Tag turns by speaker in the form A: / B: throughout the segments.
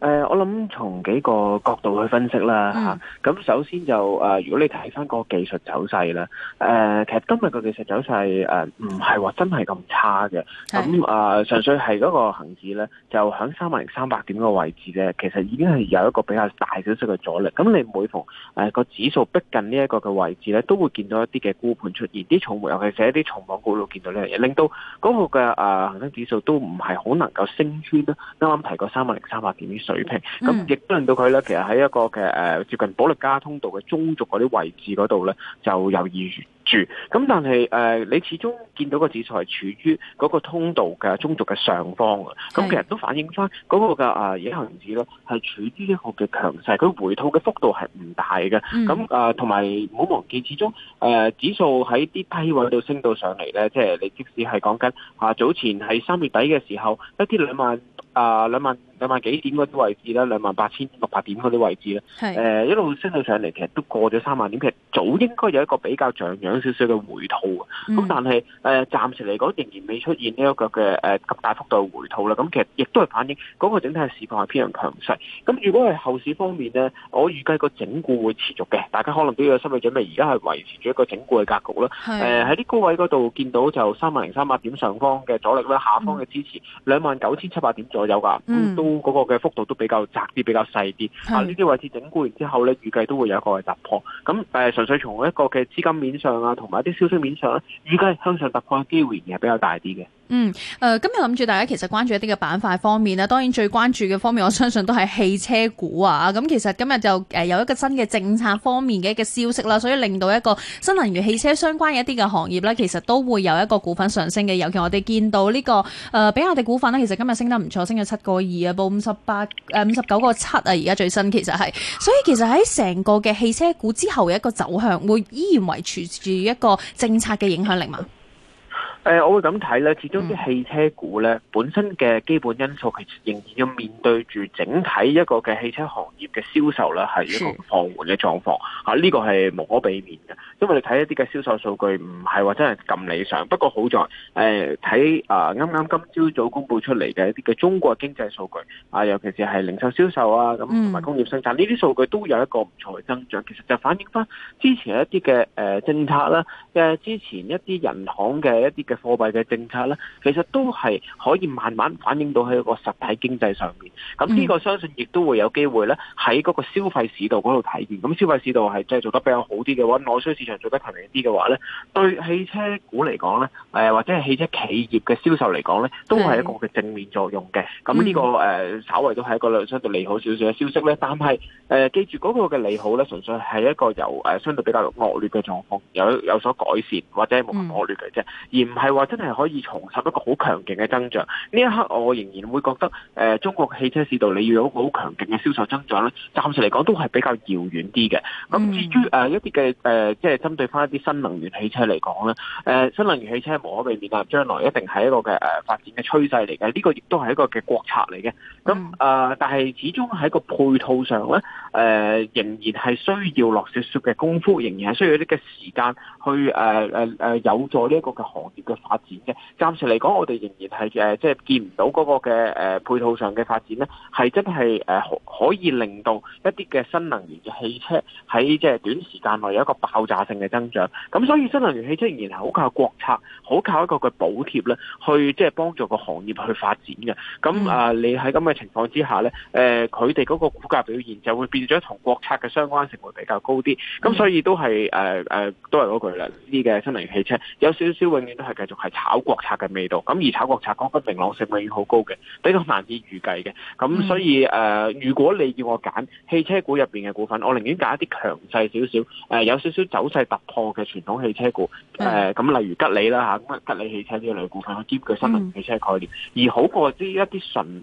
A: 誒、呃，我諗從幾個角度去分析啦咁、嗯啊、首先就誒、呃，如果你睇翻個技術走勢啦誒，其實今日、呃呃、個技術走勢誒，唔係話真係咁差嘅。咁誒，純粹係嗰個恆指咧，就喺三萬零三百點嘅位置咧，其實已經係有一個比較大嘅小小阻力。咁你每逢誒、呃、個指數逼近呢一個嘅位置咧，都會見到一啲嘅沽盤出現，啲倉沒尤其係啲重磅股度見到呢樣嘢，令到嗰個嘅誒恆生指數都唔係好能夠升穿啦。啱啱提過三萬零三百點數。水平咁亦都令到佢咧，其實喺一個嘅誒接近保力加通道嘅中軸嗰啲位置嗰度咧，就有意住咁，但係誒、呃，你始終見到個指數係處於嗰個通道嘅中軸嘅上方啊！咁是其實都反映翻嗰、那個嘅影嘢行指咯，係處於一個嘅強勢，佢回吐嘅幅度係唔大嘅。咁誒、嗯，同埋唔好忘記，始終誒、呃、指數喺啲低位度升到上嚟咧，即係你即使係講緊啊早前喺三月底嘅時候，一啲兩萬啊兩萬，啊兩,萬兩萬幾點嗰啲位置咧，兩萬八千六百點嗰啲位置咧，誒是、呃、一路升到上嚟，其實都過咗三萬點，其實早應該有一個比較像樣。少少嘅回吐啊，咁、嗯嗯、但係誒暫時嚟講仍然未出現呢一個嘅誒咁大幅度嘅回吐啦，咁其實亦都係反映嗰個整體嘅市況係偏向強勢。咁如果係後市方面咧，我預計個整固會持續嘅，大家可能都要有心理準備。而家係維持住一個整固嘅格局啦。誒喺啲高位嗰度見到就三萬零三百點上方嘅阻力啦，下方嘅支持兩萬九千七百點左右噶，嗯、都嗰個嘅幅度都比較窄啲，比較細啲。是啊呢啲位置整固完之後咧，預計都會有一個嘅突破。咁誒純粹從一個嘅資金面上。同埋啲消息面上咧，而家向上突破嘅機會仍然係比較大啲嘅。
B: 嗯，誒、呃，今日諗住大家其實關注一啲嘅板塊方面啦，當然最關注嘅方面，我相信都係汽車股啊。咁、嗯、其實今日就誒有一個新嘅政策方面嘅一個消息啦，所以令到一個新能源汽車相關嘅一啲嘅行業咧，其實都會有一個股份上升嘅。尤其我哋見到呢、這個誒、呃、比亞迪股份呢，其實今日升得唔錯，升咗七個二啊，報五十八誒五十九個七啊，而家最新其實係。所以其實喺成個嘅汽車股之後嘅一個走向，會依然維持住一個政策嘅影響力嘛？
A: 誒、呃，我會咁睇咧，始終啲汽車股咧本身嘅基本因素，其實仍然要面對住整體一個嘅汽車行業嘅銷售咧係一個放緩嘅狀況啊呢、這個係無可避免嘅。因為你睇一啲嘅銷售數據唔係話真係咁理想，不過好在誒睇、呃、啊啱啱今朝早公佈出嚟嘅一啲嘅中國經濟數據啊，尤其是係零售銷售啊，咁同埋工業生產呢啲數據都有一個唔錯嘅增長，其實就反映翻之前一啲嘅誒政策啦，之前一啲銀行嘅一啲。嘅貨幣嘅政策咧，其實都係可以慢慢反映到喺一個實體經濟上面。咁呢個相信亦都會有機會咧，喺嗰個消費市道嗰度體現。咁消費市道係即係做得比較好啲嘅話，內需市場做得強啲嘅話咧，對汽車股嚟講咧，誒或者係汽車企業嘅銷售嚟講咧，都係一個嘅正面作用嘅。咁呢個誒，稍微都係一個相對利好少少嘅消息咧。但係誒，記住嗰個嘅利好咧，純粹係一個由誒相對比較惡劣嘅狀況有有所改善或者冇咁惡劣嘅啫，嗯、而係話真係可以重拾一個好強勁嘅增長。呢一刻我仍然會覺得，誒、呃，中國汽車市道你要有一個好強勁嘅銷售增長咧，暫時嚟講都係比較遙遠啲嘅。咁至於誒、呃、一啲嘅誒，即係針對翻一啲新能源汽車嚟講咧，誒、呃，新能源汽車無可避免啊，將來一定係一個嘅誒發展嘅趨勢嚟嘅。呢個亦都係一個嘅國策嚟嘅。咁誒、呃，但係始終喺個配套上咧，誒、呃，仍然係需要落少少嘅功夫，仍然係需要一啲嘅時間去誒誒誒，有助呢一個嘅行業。嘅發展嘅，暫時嚟講，我哋仍然係誒，即、呃、係見唔到嗰個嘅誒、呃、配套上嘅發展咧，係真係誒、呃、可以令到一啲嘅新能源嘅汽車喺即係短時間內有一個爆炸性嘅增長。咁所以新能源汽車仍然係好靠國策，好靠一個嘅補貼咧，去即係幫助個行業去發展嘅。咁啊，你喺咁嘅情況之下咧，誒佢哋嗰個股價表現就會變咗同國策嘅相關性會比較高啲。咁所以都係誒誒，都係嗰句啦，呢啲嘅新能源汽車有少少永遠都係。繼續係炒國策嘅味道，咁而炒國策講得明朗性已經好高嘅，比較難以預計嘅，咁所以誒、mm. 呃，如果你要我揀汽車股入邊嘅股份，我寧願揀一啲強勢少少，誒、呃，有少少走勢突破嘅傳統汽車股，誒、mm. 呃，咁、呃、例如吉利啦吓，咁啊吉利汽車呢類股份，佢兼佢新能源汽車概念，而好過啲一啲純。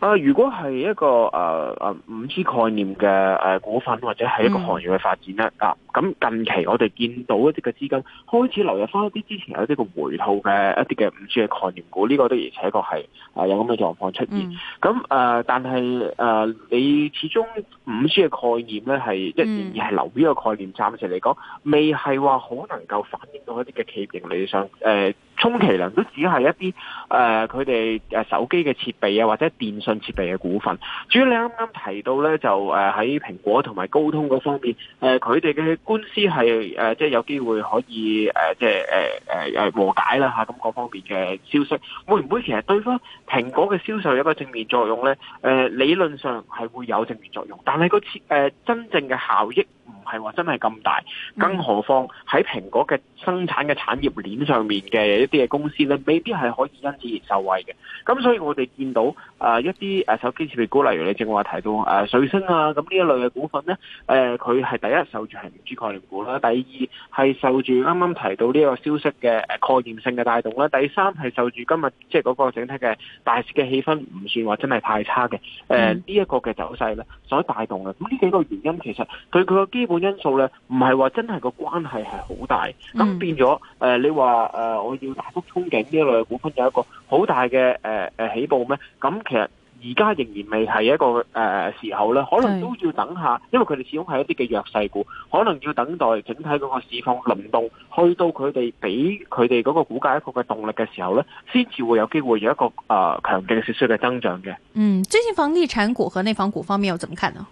A: 啊、呃！如果係一個誒誒、呃、五 G 概念嘅誒、呃、股份，或者係一個行業嘅發展咧，嗱咁、嗯啊、近期我哋見到一啲嘅資金開始流入翻一啲之前有啲嘅回吐嘅一啲嘅五 G 嘅概念股，呢、這個的而且確係啊、呃、有咁嘅狀況出現。咁誒、嗯呃，但係誒、呃，你始終五 G 嘅概念咧係仍然係流於個概念，嗯、暫時嚟講未係話好能夠反映到一啲嘅企業盈利上誒。呃充其量都只係一啲誒，佢、呃、哋手機嘅設備啊，或者電信設備嘅股份。至於你啱啱提到咧，就誒喺、呃、蘋果同埋高通嗰方面，誒佢哋嘅官司係誒、呃、即係有機會可以誒即係誒和解啦嚇，咁嗰方面嘅消息會唔會其實對返蘋果嘅銷售有個正面作用咧？誒、呃、理論上係會有正面作用，但係、個、呃、真正嘅效益。唔係話真係咁大，更何況喺蘋果嘅生產嘅產業鏈上面嘅一啲嘅公司咧，未必係可以因此而受惠嘅。咁所以我哋見到啊、呃、一啲誒手機設備股，例如你正話提到誒瑞聲啊，咁呢一類嘅股份咧，誒佢係第一受住係鉛珠概念股啦，第二係受住啱啱提到呢個消息嘅誒擴延性嘅帶動啦，第三係受住今日即係嗰個整體嘅大市嘅氣氛唔算話真係太差嘅。誒呢一個嘅走勢咧，所帶動嘅，咁呢幾個原因其實對佢個基本因素咧，唔係話真係個關係係好大，咁變咗誒、嗯呃，你話誒、呃，我要大幅憧憬呢一類嘅股份有一個好大嘅誒誒起步咩？咁、嗯、其實而家仍然未係一個誒、呃、時候咧，可能都要等一下，因為佢哋始終係一啲嘅弱勢股，可能要等待整體嗰個市況輪動去到佢哋俾佢哋嗰個股價一個嘅動力嘅時候咧，先至會有機會有一個誒、呃、強勁少少嘅增長嘅。
B: 嗯，最近房地產股和內房股方面又怎麼看呢？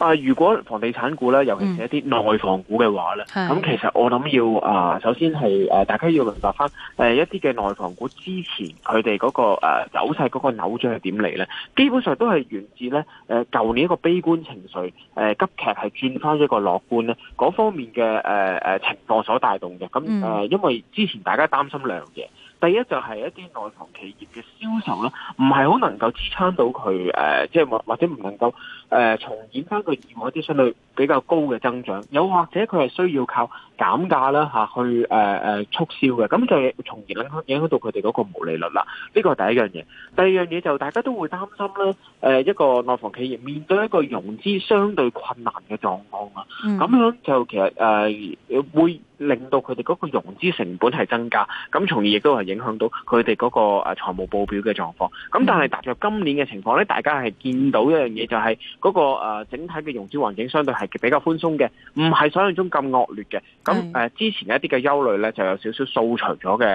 A: 但係、啊，如果房地產股咧，尤其係一啲內房股嘅話咧，咁、嗯嗯、其實我諗要啊，首先係誒、啊，大家要明白翻誒一啲嘅內房股之前佢哋嗰個、啊、走勢嗰個扭轉係點嚟咧？基本上都係源自咧誒舊年一個悲觀情緒誒、啊、急劇係轉翻一個樂觀咧，嗰方面嘅誒誒情況所帶動嘅。咁、啊、誒，嗯、因為之前大家擔心兩嘢。第一就係一啲內房企業嘅銷售啦，唔係好能夠支撐到佢誒，即係或或者唔能夠誒、呃、重演翻佢以往一啲相對比較高嘅增長，有或者佢係需要靠減價啦嚇，去誒誒促銷嘅，咁就從而影響到佢哋嗰個毛利率啦。呢個係第一樣嘢。第二樣嘢就大家都會擔心呢誒一個內房企業面對一個融資相對困難嘅狀況啊，咁、嗯、樣就其實誒、呃、會令到佢哋嗰個融資成本係增加，咁從而亦都係影響到佢哋嗰個財務報表嘅狀況。咁但係踏入今年嘅情況咧，大家係見到一樣嘢就係嗰個整體嘅融資環境相對，係比較寬鬆嘅，唔係想象中咁惡劣嘅。咁誒，之前一啲嘅憂慮咧，就有少少掃除咗嘅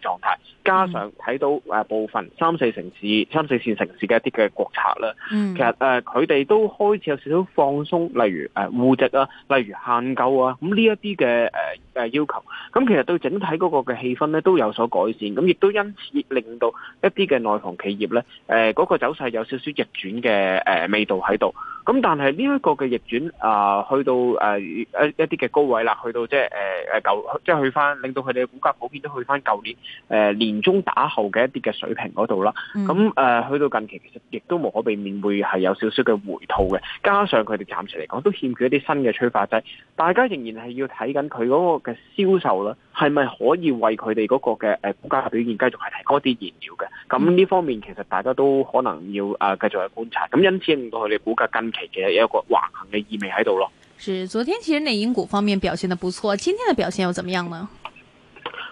A: 誒狀態。加上睇到誒部分三四城市、三四線城市嘅一啲嘅國策啦，其實誒佢哋都開始有少少放鬆，例如誒戶籍啊，例如限購啊，咁呢一啲嘅誒誒要求，咁其實對整體嗰個嘅氣氛咧都有所改善。咁亦都因此令到一啲嘅內房企業咧，誒、那、嗰個走勢有少少逆轉嘅誒味道喺度。咁但係呢一個嘅逆轉啊！啊，去到誒一一啲嘅高位啦，呃就是、去到即係誒誒舊，即係去翻，令到佢哋嘅股價普遍都去翻舊年誒、呃、年中打後嘅一啲嘅水平嗰度啦。咁誒、嗯呃、去到近期，其實亦都無可避免會係有少少嘅回吐嘅，加上佢哋暫時嚟講都欠缺一啲新嘅催化劑，大家仍然係要睇緊佢嗰個嘅銷售啦，係咪可以為佢哋嗰個嘅誒股價表現繼續係提高啲燃料嘅？咁呢方面其實大家都可能要誒繼續去觀察。咁因此令到佢哋股價近期其實有一個橫行嘅意味喺度
B: 咯，是昨天其實內銀股方面表現得不錯，今天嘅表現又怎麼樣呢？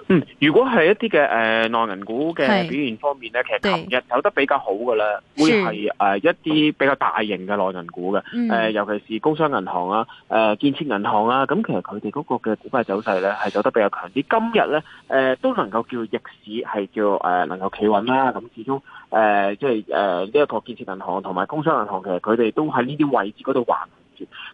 B: 嗯，
A: 如果係一啲嘅誒內銀股嘅表現方面咧，對其實琴日走得比較好嘅啦，是會係誒、呃、一啲比較大型嘅內銀股嘅，誒、嗯呃、尤其是工商銀行啊，誒、呃、建設銀行啊，咁其實佢哋嗰個嘅股價走勢咧係走得比較強啲。今日咧誒都能夠叫逆市係叫誒、呃、能夠企穩啦、啊。咁始終誒即係誒呢一個建設銀行同埋工商銀行，其實佢哋都喺呢啲位置嗰度還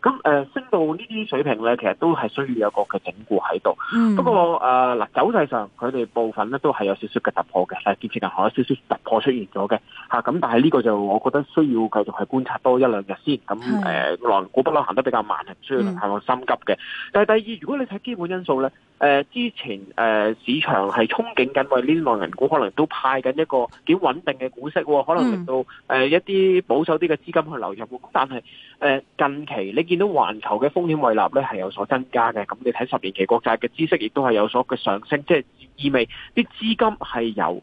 A: 咁誒、呃，升到呢啲水平咧，其實都係需要有個嘅整固喺度。嗯、不過誒，嗱、呃、走勢上，佢哋部分咧都係有少少嘅突破嘅，係建設銀行有少少突破出現咗嘅吓。咁、啊、但係呢個就我覺得需要繼續去觀察多一兩日先。咁誒，內股不嬲行得比較慢啊，需要唔、嗯、我心急嘅。但係第二，如果你睇基本因素咧。誒、呃，之前誒、呃、市場係憧憬緊，因為呢內銀股可能都派緊一個幾穩定嘅股息、哦，可能令到誒、嗯呃、一啲保守啲嘅資金去流入。但係誒、呃、近期你見到環球嘅風險胃納咧係有所增加嘅，咁你睇十年期國債嘅孳息亦都係有所嘅上升，即、就、係、是、意味啲資金係由誒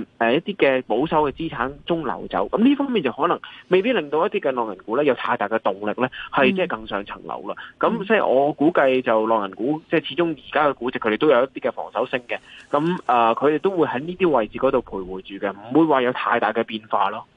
A: 誒、呃、一啲嘅保守嘅資產中流走。咁呢方面就可能未必令到一啲嘅內銀股咧有太大嘅動力咧，係即係更上層樓啦。咁即係我估計就內銀股即係始終而家估值佢哋都有一啲嘅防守性嘅，咁誒，佢哋都會喺呢啲位置嗰度徘徊住嘅，唔會話有太大嘅變化咯。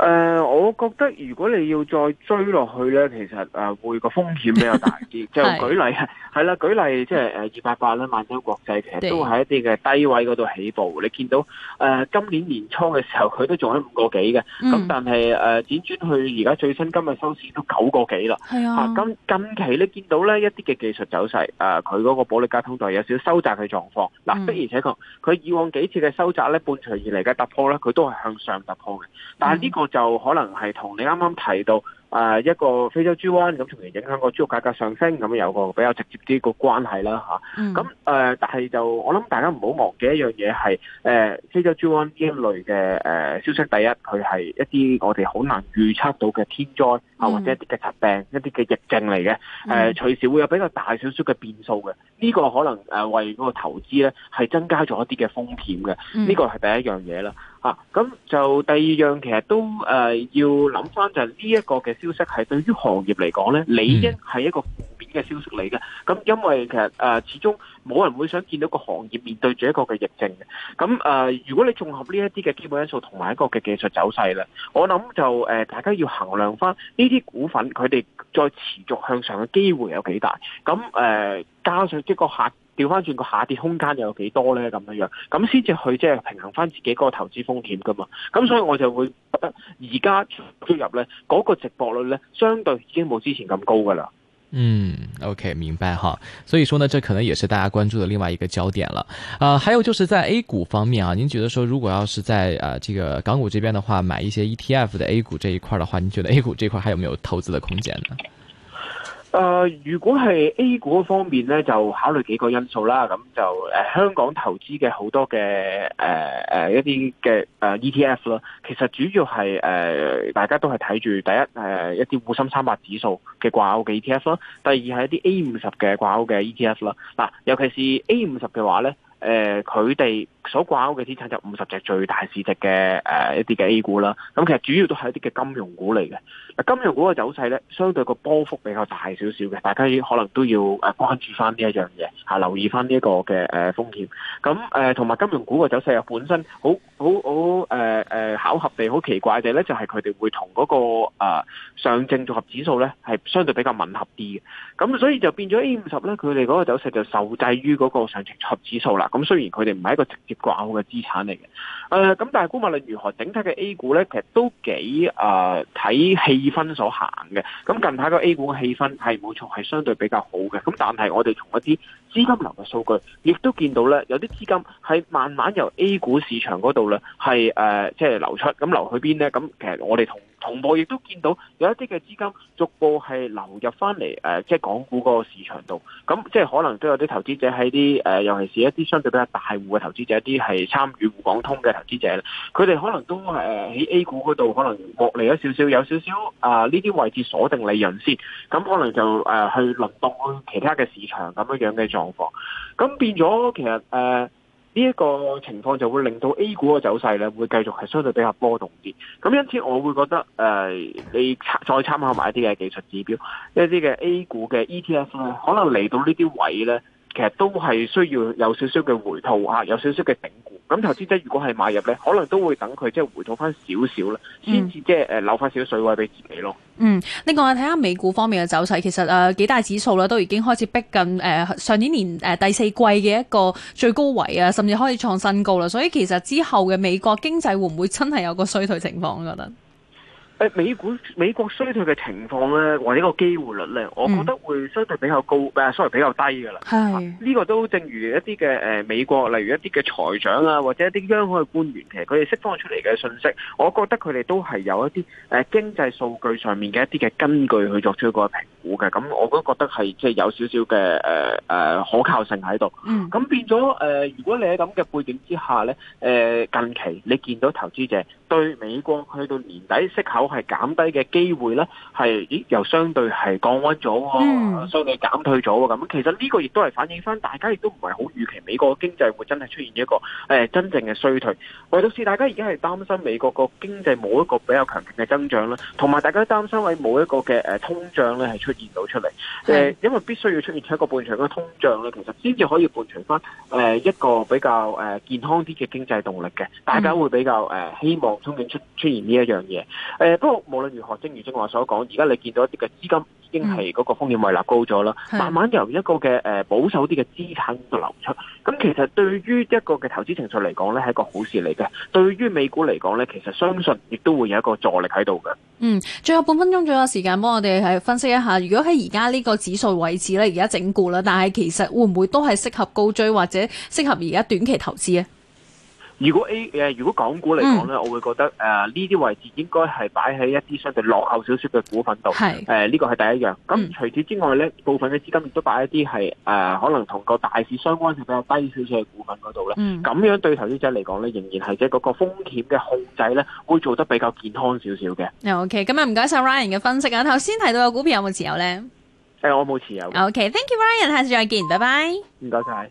A: 誒、呃，我覺得如果你要再追落去咧，其實誒、呃、會個風險比較大啲。 就舉例 是啊，係啦，舉例即係誒二八八咧，呃、8, 萬洲國際其實都喺一啲嘅低位嗰度起步。你見到誒、呃、今年年初嘅時候，佢都仲喺五個幾嘅，咁、嗯、但係誒輾轉去而家最新今日收市都九個幾啦。係啊，咁、啊、近，近期你見到咧一啲嘅技術走勢，誒佢嗰個保力加通道有少少收窄嘅狀況。嗱、呃，嗯、的而且確，佢佢以往幾次嘅收窄咧，伴隨而嚟嘅突破咧，佢都係向上突破嘅，但係呢個、嗯。就可能係同你啱啱提到。誒、呃、一個非洲豬瘟咁，同埋影響個豬肉價格上升，咁有個比較直接啲個關係啦嚇。咁、啊、誒、嗯呃，但係就我諗大家唔好忘記一樣嘢係誒非洲豬瘟呢一類嘅誒、呃、消息，第一佢係一啲我哋好難預測到嘅天災啊，或者一啲嘅疾病、嗯、一啲嘅疫症嚟嘅。誒、呃嗯、隨時會有比較大少少嘅變數嘅，呢、這個可能誒、呃、為嗰個投資咧係增加咗一啲嘅風險嘅。呢、嗯、個係第一樣嘢啦嚇。咁就第二樣其實都誒、呃、要諗翻就係呢一個嘅。消息係對於行業嚟講咧，理應係一個負面嘅消息嚟嘅。咁因為其實誒、呃，始終冇人會想見到個行業面對住一個嘅疫症嘅。咁誒、呃，如果你綜合呢一啲嘅基本因素同埋一個嘅技術走勢咧，我諗就誒、呃，大家要衡量返呢啲股份佢哋再持續向上嘅機會有幾大。咁誒、呃，加上即個客。調翻轉個下跌空間又有幾多呢？咁樣樣，咁先至去即係平衡翻自己嗰個投資風險噶嘛，咁所以我就會覺得而家進入呢嗰個值博率呢，相對已經冇之前咁高噶啦。
C: 嗯，OK 明白哈。所以說呢，這可能也是大家關注的另外一個焦點了。啊、呃，還有就是在 A 股方面啊，您覺得說如果要是在啊、呃、這個港股這邊的話，買一些 ETF 的 A 股這一塊的話，您覺得 A 股這塊還有沒有投資的空間呢？
A: 誒、呃，如果係 A 股方面咧，就考慮幾個因素啦。咁就誒、呃，香港投資嘅好多嘅誒誒一啲嘅誒 ETF 啦，其實主要係誒、呃、大家都係睇住第一誒、呃、一啲滬深三百指數嘅掛鈎嘅 ETF 啦，第二係一啲 A 五十嘅掛鈎嘅 ETF 啦。嗱、呃，尤其是 A 五十嘅話咧，誒佢哋。所掛勾嘅資產就五十隻最大市值嘅誒一啲嘅 A 股啦，咁其實主要都係一啲嘅金融股嚟嘅。金融股嘅走勢咧，相對個波幅比較大少少嘅，大家可能都要誒關注翻呢一樣嘢、吓、留意翻呢一個嘅誒風險。咁誒同埋金融股嘅走勢又本身好好好誒誒巧合地好奇怪嘅咧、那個，就係佢哋會同嗰個誒上證綜合指數咧係相對比較吻合啲嘅。咁所以就變咗 A 五十咧，佢哋嗰個走勢就受制於嗰個上證綜合指數啦。咁雖然佢哋唔係一個直接。掛好嘅資產嚟嘅。誒、呃，咁但係，估無論如何，整體嘅 A 股咧，其實都幾誒睇氣氛所行嘅。咁、嗯、近排個 A 股嘅氣氛係冇錯，係相對比較好嘅，咁但係我哋從一啲資金流嘅數據，亦都見到咧，有啲資金係慢慢由 A 股市場嗰度咧，係即係流出，咁流去邊咧？咁其實我哋同同步亦都見到有一啲嘅資金逐步係流入翻嚟即係港股嗰個市場度，咁即係可能都有啲投資者喺啲誒，尤其是一啲相對比較大戶嘅投資者，一啲係參與滬港通嘅投資者，佢哋可能都誒喺 A 股嗰度可能獲利咗少少，有少少呢啲位置鎖定利潤先，咁可能就誒、呃、去輪動去其他嘅市場咁樣嘅狀況，咁變咗，其實誒呢一個情況就會令到 A 股嘅走勢咧，會繼續係相對比較波動啲。咁因此我會覺得誒、呃，你再參考埋一啲嘅技術指標，一啲嘅 A 股嘅 ETF 咧，可能嚟到呢啲位咧，其實都係需要有少少嘅回吐啊，有少少嘅整固。咁投資者如果係買入咧，可能都會等佢即係回吐翻、嗯、少少啦，先至即係扭翻少水位俾自己
B: 咯。嗯，另外睇下美股方面嘅走勢，其實誒、呃、幾大指數咧都已經開始逼近誒、呃、上年年、呃、第四季嘅一個最高位啊，甚至開始創新高啦。所以其實之後嘅美國經濟會唔會真係有個衰退情況？我覺得。
A: 誒美股美國衰退嘅情況咧，或者個機會率咧，我覺得會相對比較高，誒 sorry 比較低嘅啦。係呢
B: 是、啊，這
A: 個都正如一啲嘅誒美國，例如一啲嘅財長啊，或者一啲央行嘅官員，其實佢哋釋放出嚟嘅信息，我覺得佢哋都係有一啲誒、呃、經濟數據上面嘅一啲嘅根據去作出一個評估嘅。咁我都覺得係即係有少少嘅誒誒可靠性喺度。嗯。咁變咗誒、呃，如果你喺咁嘅背景之下咧，誒、呃、近期你見到投資者對美國去到年底息口。係減低嘅機會咧，係咦，又相對係降溫咗，嗯、相對減退咗咁。其實呢個亦都係反映翻，大家亦都唔係好預期美國嘅經濟會真係出現一個誒、呃、真正嘅衰退。唯獨是大家而家係擔心美國個經濟冇一個比較強勁嘅增長咧，同埋大家擔心喺冇一個嘅誒、呃、通脹咧係出現到出嚟誒、嗯呃，因為必須要出現一個伴隨嘅通脹咧，其實先至可以伴隨翻誒一個比較誒健康啲嘅經濟動力嘅。大家會比較誒、呃嗯、希望通脹出出現呢一樣嘢誒。呃不過無論如何，正如正話所講，而家你見到一啲嘅資金已經係嗰個風險位立高咗啦，慢慢由一個嘅誒保守啲嘅資產流出，咁其實對於一個嘅投資情緒嚟講呢係一個好事嚟嘅。對於美股嚟講呢，其實相信亦都會有一個助力喺度嘅。嗯，
B: 最後半分鐘左右的時間，幫我哋係分析一下，如果喺而家呢個指數位置呢，而家整固啦，但係其實會唔會都係適合高追或者適合而家短期投資啊？
A: 如果 A 誒，如果港股嚟講咧，嗯、我會覺得誒呢啲位置應該係擺喺一啲相對落後少少嘅股份度。係誒呢個係第一樣。咁除此之外咧，嗯、部分嘅資金亦都擺一啲係誒可能同個大市相關性比較低少少嘅股份嗰度咧。嗯、咁樣對投資者嚟講咧，仍然係即係嗰個風險嘅控制咧，會做得比較健康少少嘅。
B: O K，咁啊唔該晒 Ryan 嘅分析啊。頭先提到嘅股票有冇持有咧？
A: 誒、呃，我冇持有。
B: Okay，thank you，Ryan，下次再見，拜拜。
A: 唔該晒。